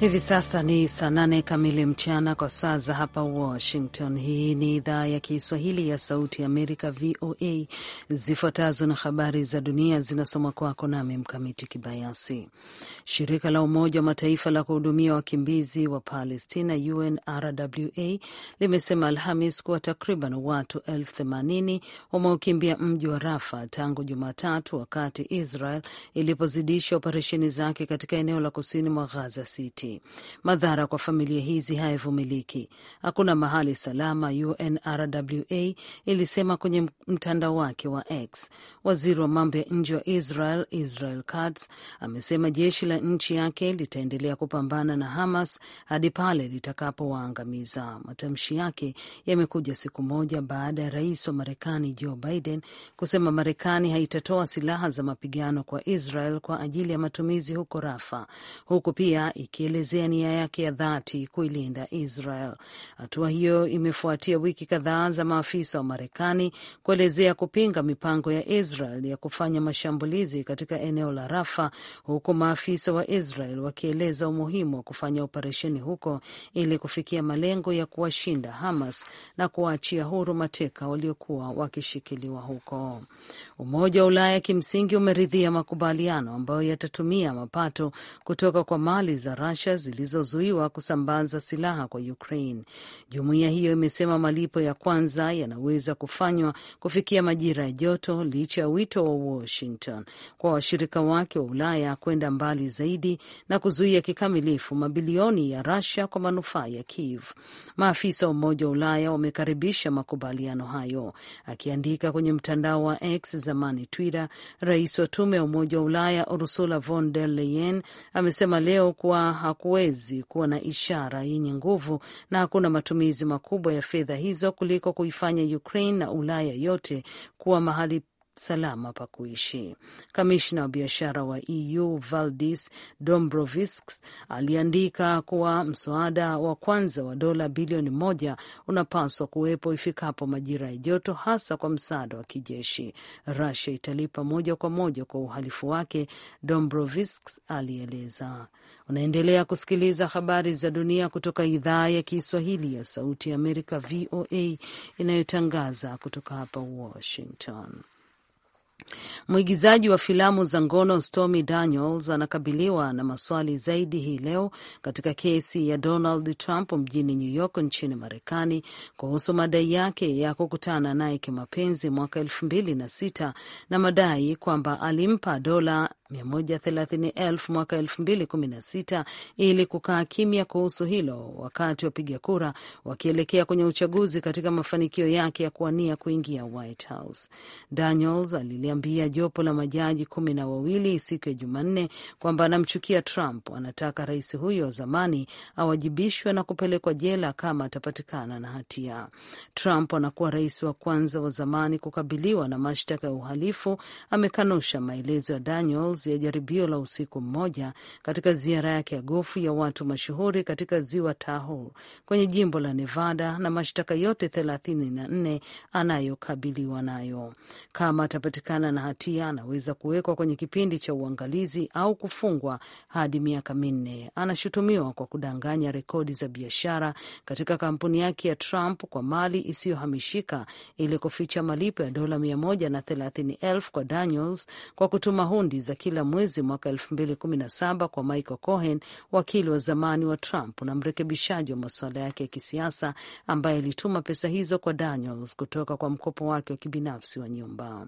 Hivi sasa ni saa nane kamili mchana kwa saa za hapa Washington. Hii ni idhaa ya Kiswahili ya Sauti ya Amerika, VOA. Zifuatazo na habari za dunia zinasoma kwako nami Mkamiti Kibayasi. Shirika la Umoja wa Mataifa la kuhudumia wakimbizi wa Palestina, UNRWA, limesema Alhamis kuwa takriban watu elfu themanini wameukimbia mji wa Rafa tangu Jumatatu, wakati Israel ilipozidisha operesheni zake katika eneo la kusini mwa ghaza City yake. Madhara kwa familia hizi hayavumiliki. Hakuna mahali salama, UNRWA ilisema kwenye mtandao wake wa X. Waziri wa mambo ya nje wa Israel Israel Katz amesema jeshi la nchi yake litaendelea kupambana na Hamas hadi pale litakapowaangamiza. Matamshi yake yamekuja siku moja baada ya rais wa Marekani Joe Biden kusema Marekani haitatoa silaha za mapigano kwa Israel kwa ajili ya matumizi huko Rafa, huku pia ikieleza kuelezea nia yake ya dhati kuilinda Israel. Hatua hiyo imefuatia wiki kadhaa za maafisa wa Marekani kuelezea kupinga mipango ya Israel ya kufanya mashambulizi katika eneo la Rafa, huku maafisa wa Israel wakieleza umuhimu wa kufanya operesheni huko ili kufikia malengo ya kuwashinda Hamas na kuwaachia huru mateka waliokuwa wakishikiliwa huko. Umoja wa Ulaya kimsingi umeridhia makubaliano ambayo yatatumia mapato kutoka kwa mali za Russia Russia zilizozuiwa kusambaza silaha kwa Ukraine. Jumuiya hiyo imesema malipo ya kwanza yanaweza kufanywa kufikia majira ya joto, licha ya wito wa Washington kwa washirika wake wa Ulaya kwenda mbali zaidi na kuzuia kikamilifu mabilioni ya Russia kwa manufaa ya Kiev. Maafisa wa Umoja wa Ulaya wamekaribisha makubaliano hayo. Akiandika kwenye mtandao wa X, zamani Twitter, rais wa tume ya Umoja wa Ulaya Ursula von der Leyen amesema leo kuwa hakuwezi kuwa na ishara yenye nguvu na hakuna matumizi makubwa ya fedha hizo kuliko kuifanya Ukraine na Ulaya yote kuwa mahali salama pa kuishi. Kamishna wa biashara wa EU Valdis Dombrovskis aliandika kuwa mswada wa kwanza wa dola bilioni moja unapaswa kuwepo ifikapo majira ya joto, hasa kwa msaada wa kijeshi. rasia italipa moja kwa moja kwa uhalifu wake, Dombrovskis alieleza. Unaendelea kusikiliza habari za dunia kutoka idhaa ya Kiswahili ya Sauti ya Amerika, VOA, inayotangaza kutoka hapa Washington. Mwigizaji wa filamu za ngono Stormy Daniels anakabiliwa na maswali zaidi hii leo katika kesi ya Donald Trump mjini New York nchini Marekani kuhusu madai yake ya kukutana naye kimapenzi mwaka elfu mbili na sita na madai kwamba alimpa dola 130,000 mwaka 2016 ili kukaa kimya kuhusu hilo, wakati wapiga kura wakielekea kwenye uchaguzi katika mafanikio yake ya kuwania kuingia White House. Daniels aliliambia jopo la majaji kumi na wawili siku ya Jumanne kwamba anamchukia Trump, anataka rais huyo wa zamani awajibishwe na kupelekwa jela kama atapatikana na hatia. Trump anakuwa rais wa kwanza wa zamani kukabiliwa na mashtaka ya uhalifu. Amekanusha maelezo ya Daniels ya jaribio la usiku mmoja katika ziara yake ya gofu ya watu mashuhuri katika ziwa Tahoe kwenye jimbo la Nevada na mashtaka yote nne anayokabiliwa nayo. Kama atapatikana na hatia, anaweza kuwekwa kwenye kipindi cha uangalizi au kufungwa hadi miaka minne. Anashutumiwa kwa kudanganya rekodi za biashara katika kampuni yake ya Trump kwa mali isiyohamishika ili kuficha malipo ya dola elfu kwa Daniels kwa kutuma hundi za kila mwezi mwaka 2017 kwa Michael Cohen, wakili wa zamani wa Trump na mrekebishaji wa masuala yake ya kisiasa, ambaye alituma pesa hizo kwa Daniels kutoka kwa mkopo wake wa kibinafsi wa nyumba.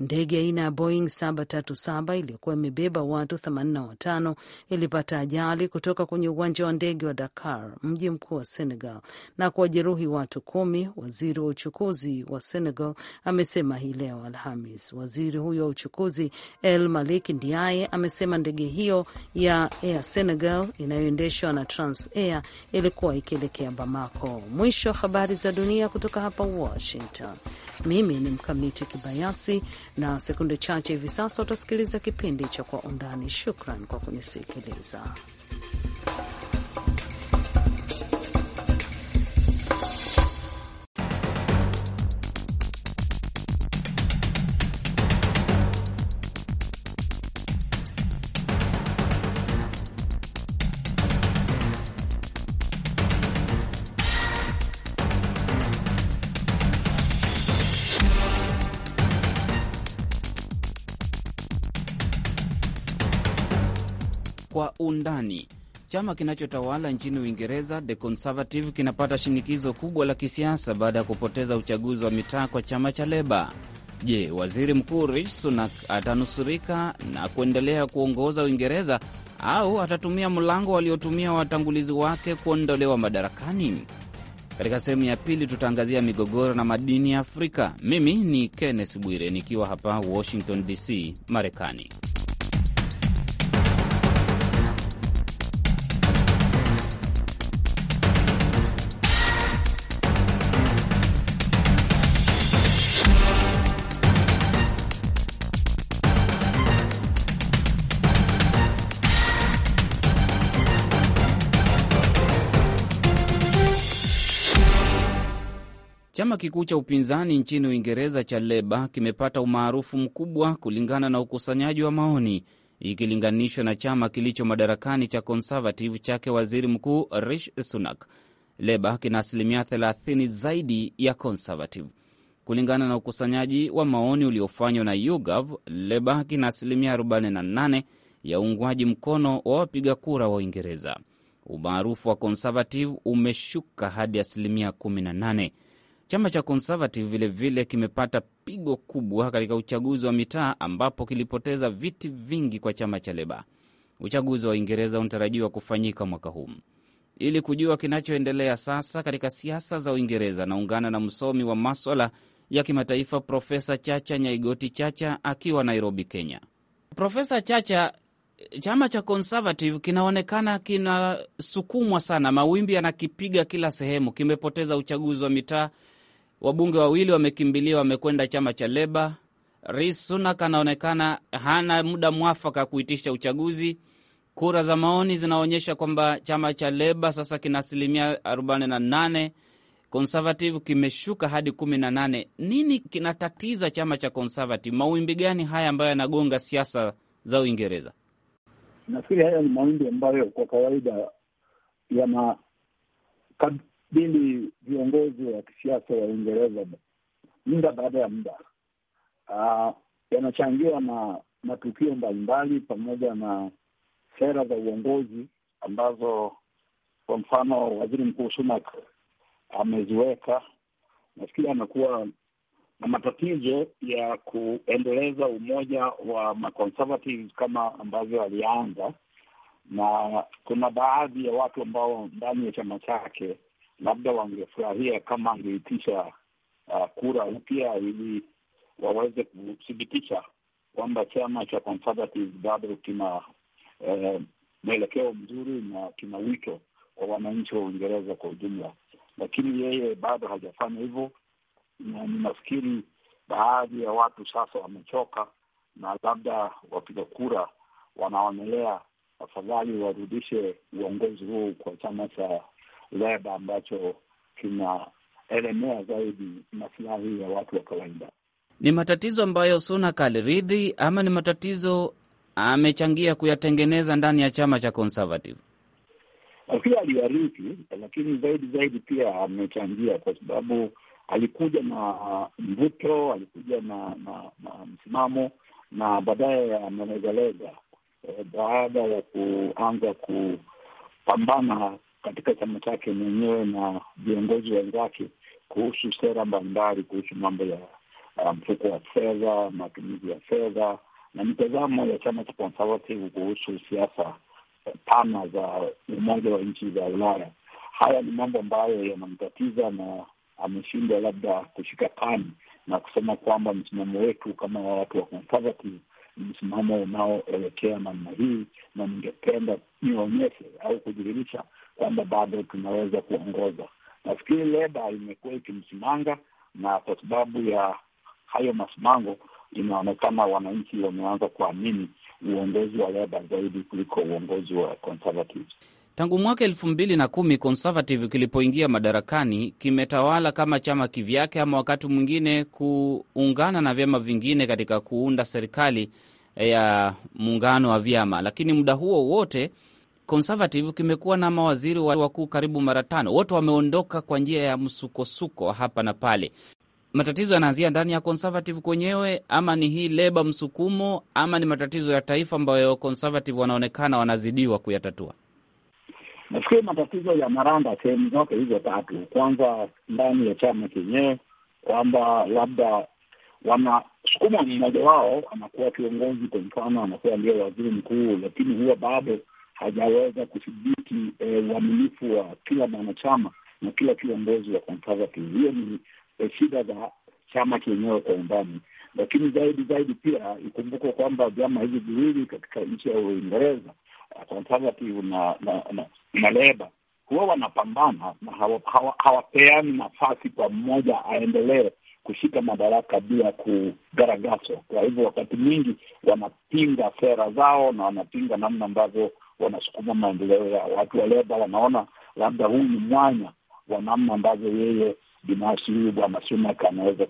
Ndege aina ya Boeing 737 iliyokuwa imebeba watu 85 ilipata ajali kutoka kwenye uwanja wa ndege wa Dakar, mji mkuu wa Senegal, na kuwajeruhi watu kumi. Waziri wa uchukuzi wa Senegal amesema hii leo Alhamis. Waziri huyo wa uchukuzi El Malik Ndiaye amesema ndege hiyo ya Air Senegal inayoendeshwa na Transair ilikuwa ikielekea Bamako. Mwisho wa habari za dunia kutoka hapa Washington. Mimi ni Mkamiti Kibayasi, na sekunde chache hivi sasa utasikiliza kipindi cha Kwa Undani. Shukran kwa kunisikiliza. ndani. Chama kinachotawala nchini Uingereza, The Conservative, kinapata shinikizo kubwa la kisiasa baada ya kupoteza uchaguzi wa mitaa kwa chama cha Leba. Je, waziri mkuu Rishi Sunak atanusurika na kuendelea kuongoza Uingereza au atatumia mlango waliotumia watangulizi wake kuondolewa madarakani? Katika sehemu ya pili tutaangazia migogoro na madini ya Afrika. Mimi ni Kenneth Bwire nikiwa hapa Washington DC, Marekani. kikuu cha upinzani nchini Uingereza cha Leba kimepata umaarufu mkubwa kulingana na ukusanyaji wa maoni ikilinganishwa na chama kilicho madarakani cha Conservative chake waziri mkuu Rishi Sunak. Leba kina asilimia 30 zaidi ya Conservative kulingana na ukusanyaji wa maoni uliofanywa na YouGov. Leba kina asilimia 48 ya uungwaji mkono wa wapiga kura wa Uingereza. Umaarufu wa Conservative umeshuka hadi asilimia 18. Chama cha Conservative vilevile kimepata pigo kubwa katika uchaguzi wa mitaa ambapo kilipoteza viti vingi kwa chama cha Leba. Uchaguzi wa Uingereza unatarajiwa kufanyika mwaka huu. Ili kujua kinachoendelea sasa katika siasa za Uingereza, naungana na msomi wa maswala ya kimataifa Profesa Chacha Nyaigoti Chacha akiwa Nairobi, Kenya. Profesa Chacha, chama cha Conservative kinaonekana kinasukumwa sana, mawimbi yanakipiga kila sehemu. Kimepoteza uchaguzi wa mitaa, Wabunge wawili wamekimbilia, wamekwenda chama cha Leba. Rais Sunak anaonekana hana muda mwafaka kuitisha uchaguzi. Kura za maoni zinaonyesha kwamba chama cha Leba sasa kina asilimia 48, Conservative kimeshuka hadi 18. Nini kinatatiza chama cha Conservative? Mawimbi gani haya ambayo yanagonga siasa za Uingereza? Nafikiri haya ni mawimbi ambayo kwa kawaida yana bili viongozi wa kisiasa wa Uingereza muda baada ya muda uh, yanachangiwa na matukio mbalimbali pamoja na sera za uongozi ambazo kwa mfano waziri mkuu Sunak ameziweka. Nafikiri amekuwa na matatizo ya kuendeleza umoja wa ma kama ambavyo alianza, na kuna baadhi ya watu ambao ndani ya chama chake labda wangefurahia kama angeitisha uh, kura upya ili waweze kuthibitisha kwamba chama cha Conservative bado kina eh, mwelekeo mzuri na kina wito kwa wananchi wa Uingereza kwa ujumla, lakini yeye bado hajafanya hivyo, na ninafikiri baadhi ya watu sasa wamechoka, na labda wapiga kura wanaonelea afadhali warudishe uongozi huu kwa chama cha web ambacho kinaelemea zaidi masilahi ya watu wa kawaida. Ni matatizo ambayo Sunak aliridhi ama ni matatizo amechangia kuyatengeneza ndani ya chama cha Conservative? Pia aliarithi, lakini zaidi zaidi pia amechangia kwa sababu alikuja na mvuto, alikuja na na, na msimamo na baadaye amelegalega eh, baada ya kuanza kupambana katika chama chake mwenyewe na viongozi wenzake kuhusu sera mbalimbali, kuhusu mambo ya uh, mfuko um, wa fedha, matumizi ya fedha na mitazamo ya chama cha Conservative kuhusu siasa uh, pana za umoja wa nchi za Ulaya. Haya ni mambo ambayo yanamtatiza na ameshindwa labda kushika kani na kusema kwamba msimamo wetu kama watu wa Conservative ni msimamo unaoelekea namna hii, na ningependa nionyeshe au kudhihirisha kwamba bado tunaweza kuongoza. Nafikiri Leba imekuwa ikimsimanga, na kwa sababu ya hayo masimango, inaonekana wananchi wameanza kuamini uongozi wa Leba zaidi kuliko uongozi wa Conservatives. Tangu mwaka elfu mbili na kumi Conservative kilipoingia madarakani kimetawala kama chama kivyake, ama wakati mwingine kuungana na vyama vingine katika kuunda serikali eh, ya muungano wa vyama, lakini muda huo wote Conservative kimekuwa na mawaziri wakuu karibu mara tano, wote wameondoka kwa njia ya msukosuko hapa na pale. Matatizo yanaanzia ndani ya Conservative kwenyewe, ama ni hii leba msukumo, ama ni matatizo ya taifa ambayo Conservative wanaonekana wanazidiwa kuyatatua? Nafikiri matatizo ya maranda sehemu zote hizo tatu. Kwanza ndani ya chama chenyewe, kwamba labda wanasukuma mmoja wao anakuwa kiongozi, kwa mfano anakuwa ndio waziri mkuu, lakini huwa bado hajaweza kudhibiti eh, uaminifu e, wa kila mwanachama na kila kiongozi wa Conservative. Hiyo ni e, shida za chama chenyewe kwa undani, lakini zaidi zaidi pia ikumbukwe kwamba vyama hivi viwili katika nchi ya Uingereza, eh, Conservative na, na, na, na Leba huwa wanapambana na hawapeani hawa nafasi kwa mmoja aendelee kushika madaraka bila kugaragaswa Kwa hivyo wakati mwingi wanapinga sera zao na wanapinga namna ambavyo wanasukuma maendeleo ya watu wa leba, wanaona labda huu ni mwanya wa namna ambavyo yeye binafsi huyu bwana Sunak anaweza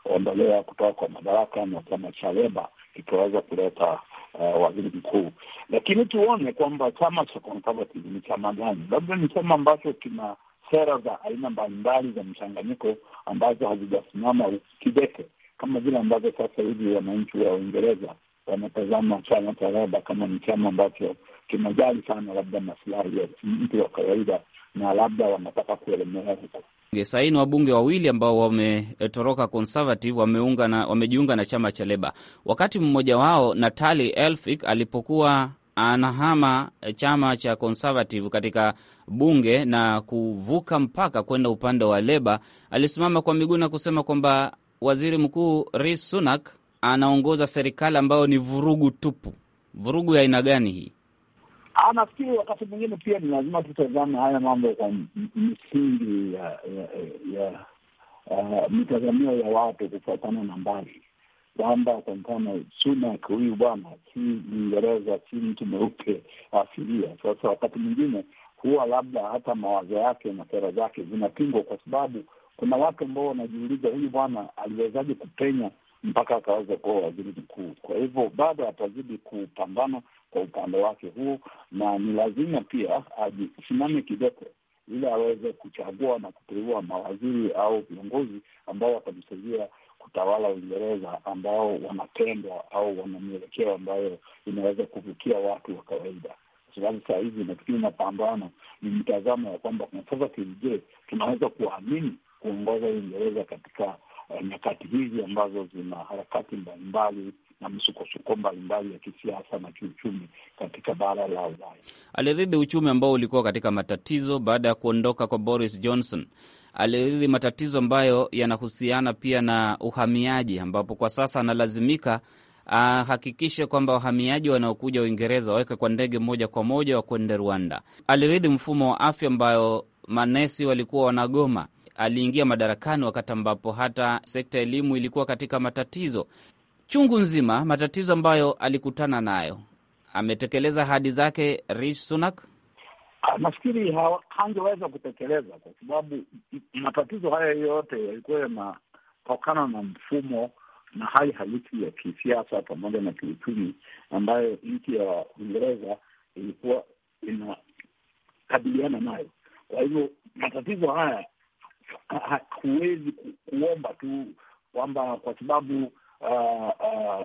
kuondolewa kutoka kwa madaraka na chama cha leba kikiweza kuleta uh, waziri mkuu. Lakini tuone kwamba chama cha Conservative ni chama gani, labda ni chama ambacho kina sera za aina mbalimbali za mchanganyiko ambazo hazijasimama kideke kama vile ambazo sasa hivi wananchi wa Uingereza wanatazama chama cha Leba kama ni chama ambacho kinajali sana labda masilahi ya mtu wa kawaida na labda wanataka kuelemea saini wabunge wawili ambao wametoroka Conservative wameunga na wamejiunga na chama cha Leba, wakati mmoja wao Natali Elfik alipokuwa anahama chama cha Conservative katika bunge na kuvuka mpaka kwenda upande wa Leba, alisimama kwa miguu na kusema kwamba waziri mkuu Rishi Sunak anaongoza serikali ambayo ni vurugu tupu. Vurugu ya aina gani hii? Ah, nafikiri wakati mwingine pia ni lazima tutazame haya mambo kwa misingi ya, ya, ya uh, mitazamio ya watu kufuatana na mbali, kwamba kwa mfano Sunak huyu bwana si Mwingereza, si mtu mweupe asilia. Sasa wakati mwingine huwa labda hata mawazo yake na sera zake zinapingwa, kwa sababu kuna watu ambao wanajiuliza huyu bwana aliwezaje kupenya mpaka akaweza kuwa waziri mkuu. Kwa hivyo bado atazidi kupambana kwa upande wake huo, na ni lazima pia ajisimame kidete ili aweze kuchagua na kuteua mawaziri au viongozi ambao watamsaidia kutawala Uingereza, ambao wanapendwa au wana mielekeo ambayo inaweza kuvukia watu wa kawaida sababu saa hizi nafikiri mapambano ni mtazamo ya kwamba Conservative, je, tunaweza kuwaamini kuongoza Uingereza katika Eh, nyakati hizi ambazo zina harakati mbalimbali na misukosuko mbalimbali ya kisiasa na kiuchumi katika bara la Ulaya. Aliridhi uchumi ambao ulikuwa katika matatizo baada ya kuondoka kwa Boris Johnson. Aliridhi matatizo ambayo yanahusiana pia na uhamiaji, ambapo kwa sasa analazimika ah, ahakikishe kwamba wahamiaji wanaokuja Uingereza waweke kwa ndege moja kwa moja wakwende Rwanda. Aliridhi mfumo wa afya ambayo manesi walikuwa wanagoma aliingia madarakani wakati ambapo hata sekta ya elimu ilikuwa katika matatizo chungu nzima, matatizo ambayo alikutana nayo. Ametekeleza ahadi zake Rishi Sunak? Ah, nafikiri hangeweza kutekeleza kwa sababu matatizo haya yote yalikuwa yanatokana na mfumo na hali halisi ya kisiasa pamoja na kiuchumi ambayo nchi ya Uingereza ilikuwa inakabiliana nayo. Kwa hivyo matatizo haya huwezi kuomba tu kwamba kwa sababu uh, uh,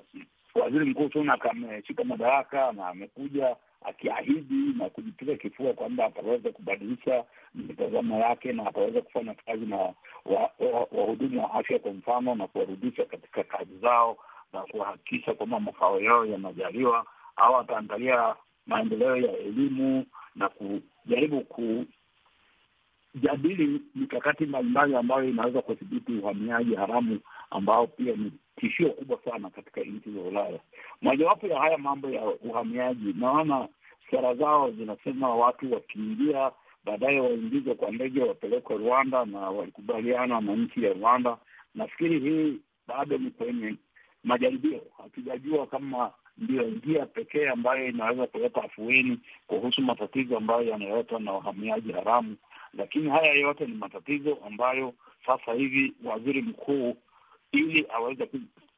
waziri mkuu Sunak ameshika madaraka na amekuja akiahidi na kujipiga kifua kwamba ataweza kubadilisha mitazamo yake na ataweza kufanya kazi na wahudumu wa, wa, wa afya kwa mfano, na kuwarudisha katika kazi zao na kuhakikisha kwamba mafao yao yanajaliwa, au ataangalia maendeleo ya elimu na kujaribu ku, kujadili mikakati mbalimbali ambayo inaweza kudhibiti uhamiaji haramu ambao pia ni tishio kubwa sana katika nchi za Ulaya. Mojawapo ya haya mambo ya uhamiaji, naona sera zao zinasema watu wakiingia baadaye waingizwe kwa ndege wapelekwe Rwanda, na walikubaliana na nchi ya Rwanda. Nafikiri hii bado ni kwenye majaribio, hatujajua kama ndiyo njia pekee ambayo inaweza kuleta afueni kuhusu matatizo ambayo yanayoletwa na uhamiaji haramu lakini haya yote ni matatizo ambayo sasa hivi waziri mkuu ili aweze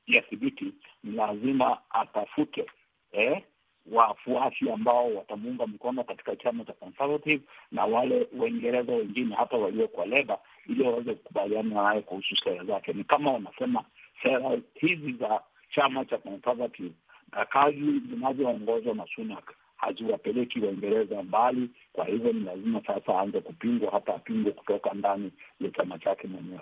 kuyathibiti ni lazima atafute eh, wafuasi ambao watamuunga mkono katika chama cha Conservative na wale Waingereza wengine hata walio kwa Leba ili waweze kukubaliana naye kuhusu sera zake. Ni kama wanasema sera hizi za chama cha Conservative na kazi zinazoongozwa na Sunak haziwapeleki Waingereza mbali. Kwa hivyo ni lazima sasa aanze kupingwa, hata apingwe kutoka ndani ya chama chake mwenyewe.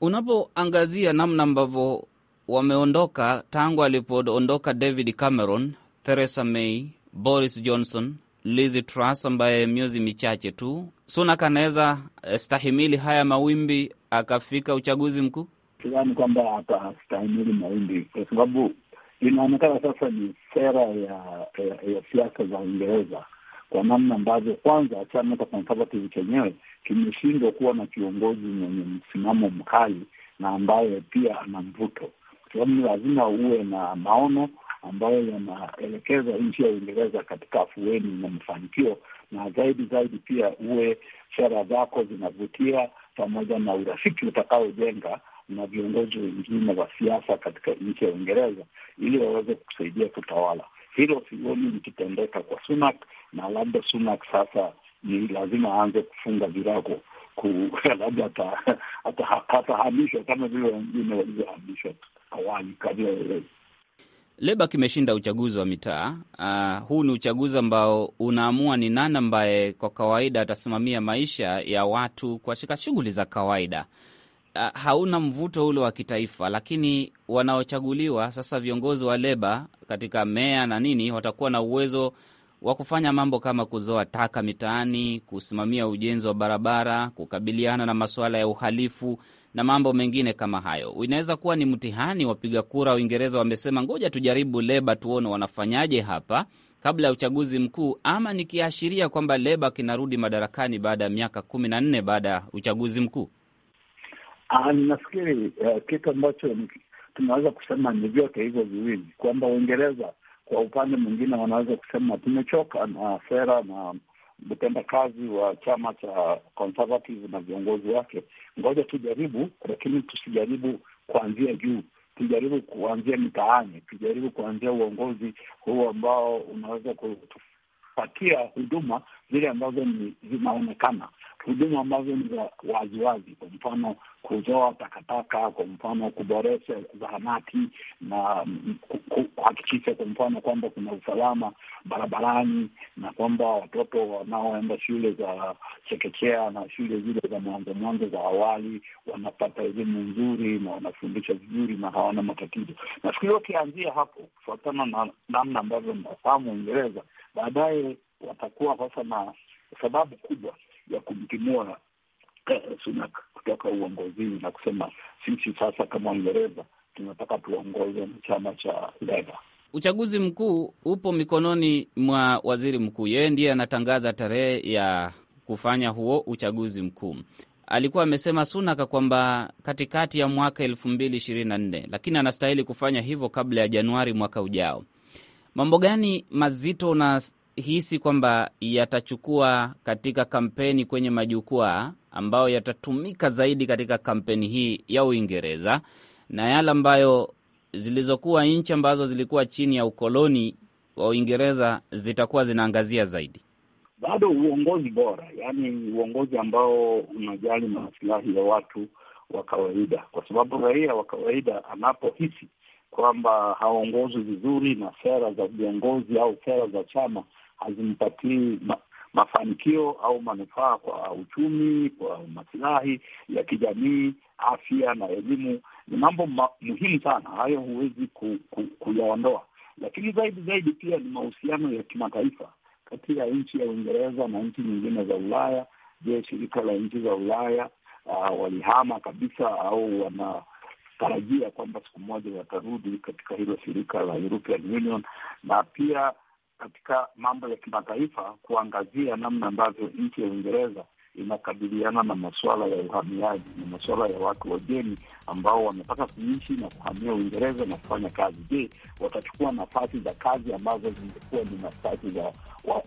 Unapoangazia namna ambavyo wameondoka tangu alipoondoka David Cameron, Theresa May, Boris Johnson, Liz Truss ambaye miezi michache tu, Sunak anaweza eh, stahimili haya mawimbi akafika uchaguzi mkuu? Sidhani kwamba atastahimili mawimbi, kwa sababu inaonekana sasa ni sera ya, ya, ya siasa za Uingereza kwa namna ambavyo kwanza chama cha Conservative chenyewe kimeshindwa kuwa na kiongozi mwenye msimamo mkali na ambaye pia ana mvuto, kwa sababu ni lazima uwe na maono ambayo yanaelekeza nchi ya Uingereza katika afueni na mafanikio, na zaidi zaidi pia uwe sera zako zinavutia, pamoja na urafiki utakaojenga na viongozi wengine wa siasa katika nchi ya Uingereza ili waweze kusaidia kutawala. Hilo sioni likitendeka kwa Sunak, na labda Sunak sasa ni lazima aanze kufunga virago ku labda atahamishwa kama vile wengine walivyohamishwa awali kabla ya Leba kimeshinda uchaguzi wa mitaa. Uh, huu ni uchaguzi ambao unaamua ni nani ambaye kwa kawaida atasimamia maisha ya watu katika shughuli za kawaida. Ah, hauna mvuto ule wa kitaifa, lakini wanaochaguliwa sasa, viongozi wa leba katika meya na nini, watakuwa na uwezo wa kufanya mambo kama kuzoa taka mitaani, kusimamia ujenzi wa barabara, kukabiliana na masuala ya uhalifu na mambo mengine kama hayo. Inaweza kuwa ni mtihani. Wapiga kura Uingereza wamesema ngoja tujaribu leba, tuone wanafanyaje hapa kabla ya uchaguzi mkuu, ama nikiashiria kwamba leba kinarudi madarakani baada ya miaka kumi na nne baada ya uchaguzi mkuu. Nafikiri uh, eh, kitu ambacho tunaweza kusema ni vyote hivyo viwili, kwamba Uingereza kwa upande mwingine wanaweza kusema tumechoka na sera na utendakazi wa chama cha Conservative na viongozi wake, ngoja tujaribu, lakini tusijaribu kuanzia juu, tujaribu kuanzia mitaani, tujaribu kuanzia uongozi huu ambao unaweza kutupatia huduma zile ambazo zinaonekana huduma ambazo ni za waziwazi, kwa mfano kuzoa takataka, kwa mfano kuboresha zahanati na kuhakikisha kwa mfano kwamba kuna usalama barabarani na kwamba watoto wanaoenda shule za chekechea na shule zile za mwanzo mwanzo za awali wanapata elimu nzuri na wanafundisha vizuri na hawana matatizo. Nafikiri wakianzia hapo, kufuatana na namna ambavyo nafahamu Uingereza, baadaye watakuwa sasa na sababu kubwa ya kumtimua Sunak kutoka uongozini na kusema sisi sasa kama Uingereza tunataka tuongoze na chama cha Leba. Uchaguzi mkuu upo mikononi mwa waziri mkuu, yeye ndiye anatangaza tarehe ya kufanya huo uchaguzi mkuu. Alikuwa amesema Sunak kwamba katikati ya mwaka elfu mbili ishirini na nne, lakini anastahili kufanya hivyo kabla ya Januari mwaka ujao. Mambo gani mazito na hisi kwamba yatachukua katika kampeni kwenye majukwaa ambayo yatatumika zaidi katika kampeni hii ya Uingereza na yale ambayo zilizokuwa nchi ambazo zilikuwa chini ya ukoloni wa Uingereza zitakuwa zinaangazia zaidi? Bado uongozi bora, yaani uongozi ambao unajali masilahi ya watu wa kawaida, kwa sababu raia wa kawaida anapohisi kwamba haongozwi vizuri na sera za viongozi au sera za chama hazimpatii ma, mafanikio au manufaa kwa uchumi, kwa masilahi ya kijamii, afya na elimu. Ni mambo ma, muhimu sana hayo, huwezi ku, ku, kuyaondoa. Lakini zaidi zaidi pia ni mahusiano ya kimataifa kati ya nchi ya Uingereza na nchi nyingine za Ulaya. Je, shirika la nchi za Ulaya uh, walihama kabisa au wana tarajia kwamba siku moja watarudi katika hilo shirika la European Union na pia katika mambo ya kimataifa kuangazia namna ambavyo nchi ya Uingereza inakabiliana na masuala ya uhamiaji na masuala ya watu wageni ambao wanataka kuishi na kuhamia Uingereza na kufanya kazi. Je, watachukua nafasi za kazi ambazo zingekuwa ni nafasi za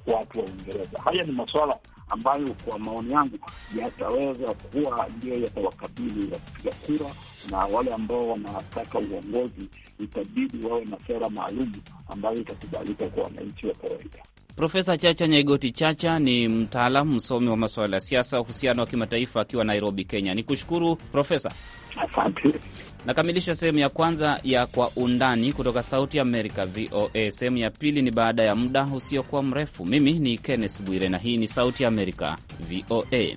watu wa Uingereza? Haya ni masuala ambayo kwa maoni yangu yataweza kuwa ndiyo yatawakabili kupiga kura, na wale ambao wanataka uongozi itabidi wawe na sera maalum ambayo itakubalika kwa wananchi wa kawaida. Profesa Chacha Nyaigoti Chacha ni mtaalamu msomi wa masuala ya siasa, uhusiano wa kimataifa, akiwa Nairobi, Kenya. Ni kushukuru Profesa. Asante. Nakamilisha sehemu ya kwanza ya Kwa Undani kutoka Sauti Amerika, VOA. Sehemu ya pili ni baada ya muda usiokuwa mrefu. Mimi ni Kenneth Bwire na hii ni Sauti Amerika, VOA.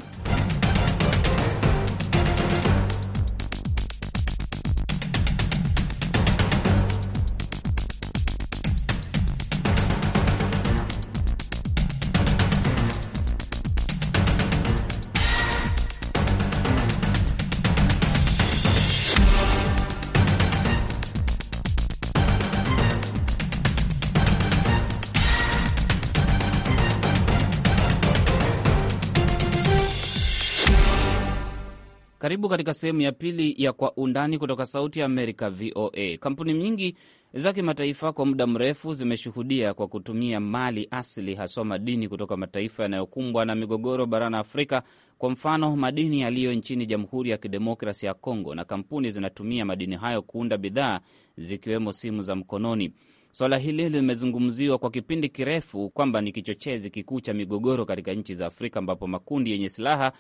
Karibu katika sehemu ya pili ya Kwa Undani kutoka Sauti ya Amerika, VOA. Kampuni nyingi za kimataifa kwa muda mrefu zimeshuhudia kwa kutumia mali asili, haswa madini kutoka mataifa yanayokumbwa na migogoro barani Afrika. Kwa mfano, madini yaliyo nchini Jamhuri ya Kidemokrasi ya Kongo, na kampuni zinatumia madini hayo kuunda bidhaa zikiwemo simu za mkononi. Swala hili limezungumziwa kwa kipindi kirefu kwamba ni kichochezi kikuu cha migogoro katika nchi za Afrika, ambapo makundi yenye silaha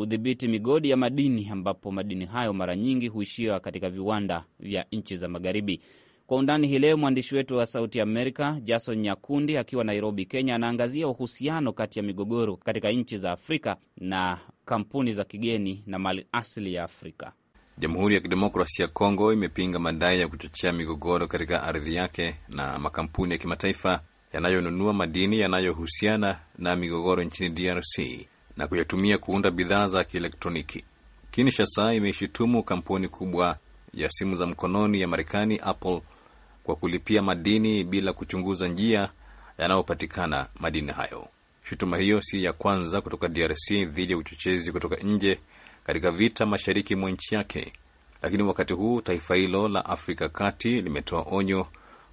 kudhibiti migodi ya madini ambapo madini hayo mara nyingi huishia katika viwanda vya nchi za magharibi. Kwa undani hii leo, mwandishi wetu wa Sauti ya Amerika Jason Nyakundi akiwa Nairobi, Kenya, anaangazia uhusiano kati ya migogoro katika nchi za Afrika na kampuni za kigeni na mali asili ya Afrika. Jamhuri ya Kidemokrasia ya Kongo imepinga madai ya kuchochea migogoro katika ardhi yake na makampuni ya kimataifa yanayonunua madini yanayohusiana na migogoro nchini DRC na kuyatumia kuunda bidhaa za kielektroniki. Kinshasa imeishutumu kampuni kubwa ya simu za mkononi ya Marekani, Apple, kwa kulipia madini bila kuchunguza njia yanayopatikana madini hayo. Shutuma hiyo si ya kwanza kutoka DRC dhidi ya uchochezi kutoka nje katika vita mashariki mwa nchi yake, lakini wakati huu taifa hilo la Afrika Kati limetoa onyo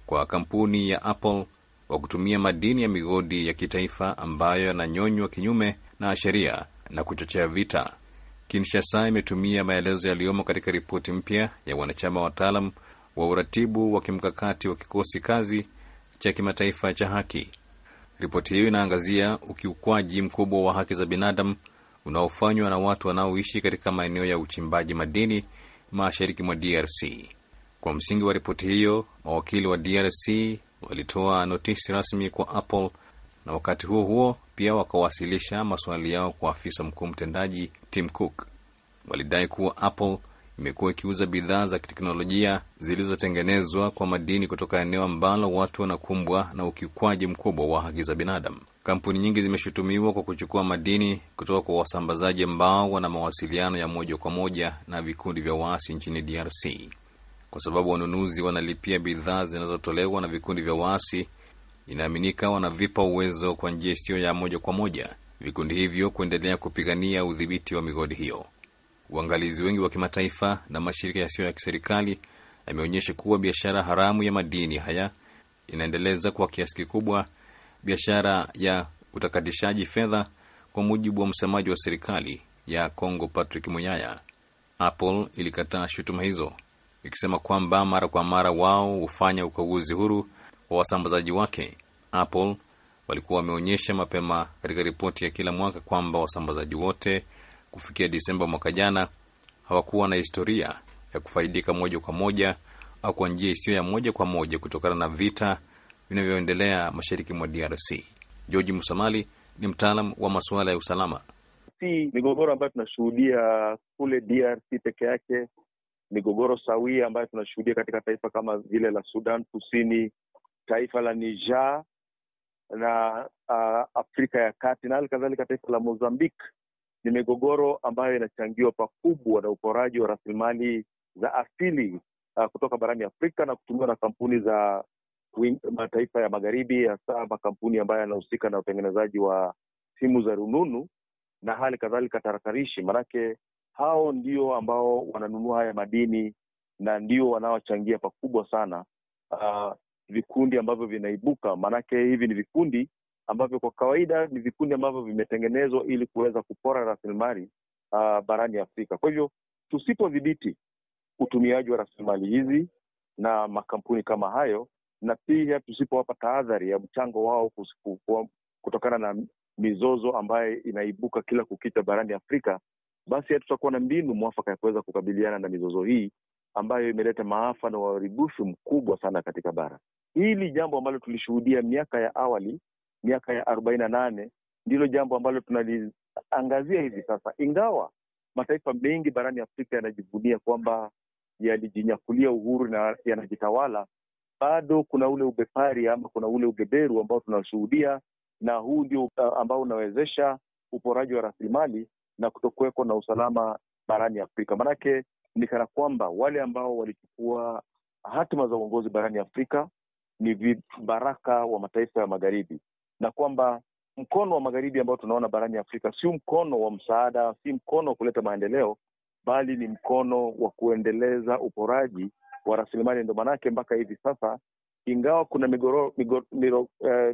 kwa kampuni ya Apple kwa kutumia madini ya migodi ya kitaifa ambayo yananyonywa kinyume na sheria na kuchochea vita. Kinshasa imetumia maelezo yaliyomo katika ripoti mpya ya wanachama wataalam wa uratibu wa kimkakati wa kikosi kazi cha kimataifa cha haki. Ripoti hiyo inaangazia ukiukwaji mkubwa wa haki za binadamu unaofanywa na watu wanaoishi katika maeneo ya uchimbaji madini mashariki mwa DRC. Kwa msingi wa ripoti hiyo, mawakili wa DRC walitoa notisi rasmi kwa Apple na wakati huo huo pia wakawasilisha maswali yao kwa afisa mkuu mtendaji Tim Cook. Walidai kuwa Apple imekuwa ikiuza bidhaa za kiteknolojia zilizotengenezwa kwa madini kutoka eneo ambalo watu wanakumbwa na ukiukwaji mkubwa wa haki za binadamu. Kampuni nyingi zimeshutumiwa kwa kuchukua madini kutoka kwa wasambazaji ambao wana mawasiliano ya moja kwa moja na vikundi vya waasi nchini DRC. Kwa sababu wanunuzi wanalipia bidhaa zinazotolewa na vikundi vya waasi, inaaminika wanavipa uwezo kwa njia isiyo ya moja kwa moja vikundi hivyo kuendelea kupigania udhibiti wa migodi hiyo. Uangalizi wengi wa kimataifa na mashirika yasiyo ya kiserikali yameonyesha kuwa biashara haramu ya madini haya inaendeleza kwa kiasi kikubwa biashara ya utakatishaji fedha, kwa mujibu wa msemaji wa serikali ya congo Patrick Muyaya. Apple ilikataa shutuma hizo ikisema kwamba mara kwa mara wao hufanya ukaguzi huru wa wasambazaji wake. Apple walikuwa wameonyesha mapema katika ripoti ya kila mwaka kwamba wasambazaji wote kufikia Disemba mwaka jana hawakuwa na historia ya kufaidika moja kwa moja au kwa njia isiyo ya moja kwa moja kutokana na vita vinavyoendelea mashariki mwa DRC. George Musamali ni mtaalam wa masuala ya usalama. Si migogoro ambayo tunashuhudia kule DRC peke yake, migogoro sawia ambayo tunashuhudia katika taifa kama vile la Sudan Kusini, taifa la Niger na uh, Afrika ya Kati na hali kadhalika taifa la Mozambique ni migogoro ambayo inachangiwa pakubwa na uporaji wa rasilimali za asili uh, kutoka barani Afrika na kutumiwa na kampuni za mataifa ya magharibi, hasa makampuni ambayo yanahusika na utengenezaji wa simu za rununu na hali kadhalika tarakarishi manake hao ndio ambao wananunua haya madini na ndio wanaochangia pakubwa sana uh, vikundi ambavyo vinaibuka. Maanake hivi ni vikundi ambavyo kwa kawaida ni vikundi ambavyo vimetengenezwa ili kuweza kupora rasilimali uh, barani Afrika. Kwa hivyo tusipodhibiti utumiaji wa rasilimali hizi na makampuni kama hayo, na pia tusipowapa tahadhari ya mchango wao kutokana na mizozo ambayo inaibuka kila kukicha barani Afrika, basi hatutakuwa na mbinu mwafaka ya kuweza kukabiliana na mizozo hii ambayo imeleta maafa na uharibifu mkubwa sana katika bara hili. Jambo ambalo tulishuhudia miaka ya awali, miaka ya arobaini na nane, ndilo jambo ambalo tunaliangazia hivi sasa, ingawa mataifa mengi barani Afrika yanajivunia kwamba yalijinyakulia uhuru na yanajitawala, bado kuna ule ubepari ama kuna ule ubeberu ambao tunashuhudia, na huu ndio uh, ambao unawezesha uporaji wa rasilimali na kutokuweko na usalama barani Afrika. Maanake ni kana kwamba wale ambao walichukua hatima za uongozi barani Afrika ni vibaraka wa mataifa ya magharibi, na kwamba mkono wa magharibi ambao tunaona barani Afrika si mkono wa msaada, si mkono wa kuleta maendeleo, bali ni mkono wa kuendeleza uporaji wa rasilimali. Ndo maanake mpaka hivi sasa, ingawa kuna eh,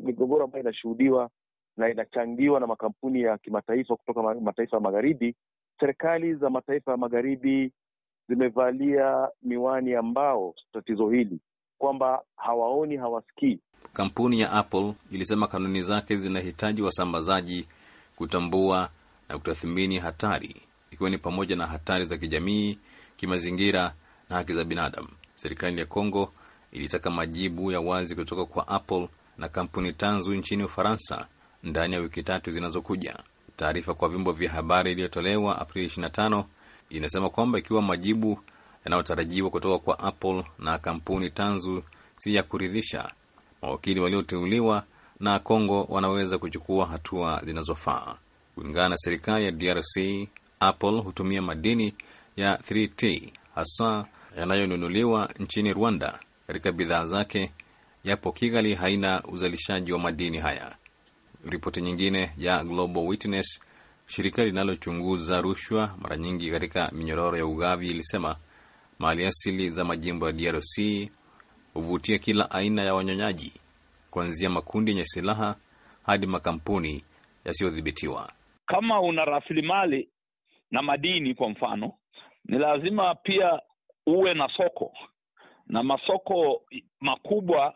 migogoro ambayo inashuhudiwa na inachangiwa na makampuni ya kimataifa kutoka mataifa ya magharibi, serikali za mataifa ya magharibi zimevalia miwani ya mbao tatizo hili kwamba hawaoni hawasikii. Kampuni ya Apple ilisema kanuni zake zinahitaji wasambazaji kutambua na kutathmini hatari, ikiwa ni pamoja na hatari za kijamii, kimazingira na haki za binadamu. Serikali ya Kongo ilitaka majibu ya wazi kutoka kwa Apple na kampuni tanzu nchini Ufaransa ndani ya wiki tatu zinazokuja. Taarifa kwa vyombo vya habari iliyotolewa Aprili inasema kwamba ikiwa majibu yanayotarajiwa kutoka kwa Apple na kampuni tanzu si ya kuridhisha, mawakili walioteuliwa na Kongo wanaweza kuchukua hatua zinazofaa. Kulingana na serikali ya DRC, Apple hutumia madini ya 3T hasa yanayonunuliwa nchini Rwanda katika bidhaa zake, japo Kigali haina uzalishaji wa madini haya. Ripoti nyingine ya Global Witness Shirika linalochunguza rushwa mara nyingi katika minyororo ya ugavi ilisema mali asili za majimbo ya DRC huvutia kila aina ya wanyonyaji, kuanzia makundi yenye silaha hadi makampuni yasiyodhibitiwa. Kama una rasilimali na madini kwa mfano, ni lazima pia uwe na soko, na masoko makubwa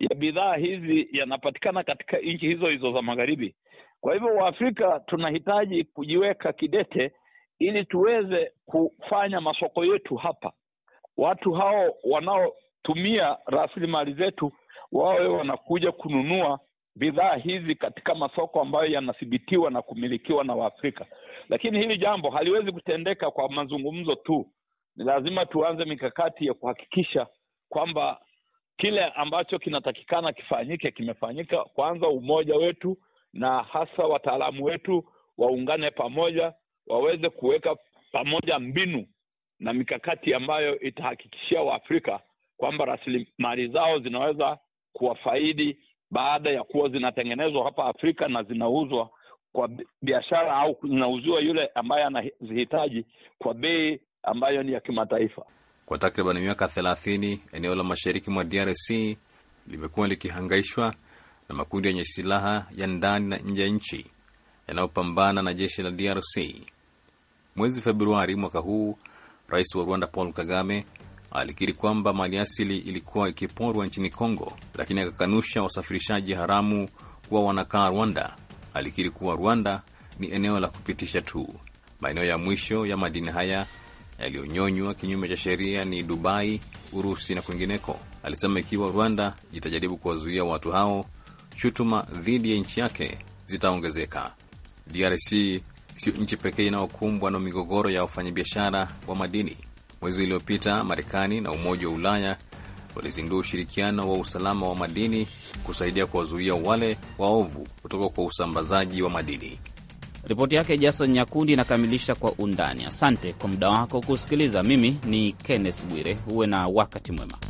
ya bidhaa hizi yanapatikana katika nchi hizo hizo za magharibi. Kwa hivyo Waafrika tunahitaji kujiweka kidete ili tuweze kufanya masoko yetu hapa. Watu hao wanaotumia rasilimali zetu wawe wanakuja kununua bidhaa hizi katika masoko ambayo yanathibitiwa na kumilikiwa na Waafrika. Lakini hili jambo haliwezi kutendeka kwa mazungumzo tu, ni lazima tuanze mikakati ya kuhakikisha kwamba kile ambacho kinatakikana kifanyike kimefanyika. Kwanza umoja wetu na hasa wataalamu wetu waungane pamoja waweze kuweka pamoja mbinu na mikakati ambayo itahakikishia waafrika kwamba rasilimali zao zinaweza kuwafaidi baada ya kuwa zinatengenezwa hapa afrika na zinauzwa kwa biashara au zinauziwa yule ambaye anazihitaji kwa bei ambayo ni ya kimataifa kwa takriban miaka thelathini eneo la mashariki mwa drc limekuwa likihangaishwa na makundi yenye silaha ya ndani na nje ya nchi yanayopambana na jeshi la DRC. Mwezi Februari mwaka huu, rais wa Rwanda Paul Kagame alikiri kwamba mali asili ilikuwa ikiporwa nchini Kongo, lakini akakanusha wasafirishaji haramu kuwa wanakaa Rwanda. Alikiri kuwa Rwanda ni eneo la kupitisha tu. Maeneo ya mwisho ya madini haya yaliyonyonywa kinyume cha sheria ni Dubai, Urusi na kwingineko. Alisema ikiwa Rwanda itajaribu kuwazuia watu hao shutuma dhidi ya nchi yake zitaongezeka. DRC sio nchi pekee inayokumbwa na migogoro ya wafanyabiashara wa madini. Mwezi uliopita, Marekani na Umoja wa Ulaya walizindua ushirikiano wa usalama wa madini kusaidia kuwazuia wale waovu kutoka kwa usambazaji wa madini. Ripoti yake Jason Nyakundi inakamilisha kwa undani. Asante kwa muda wako kusikiliza. Mimi ni Kenneth Bwire, uwe na wakati mwema.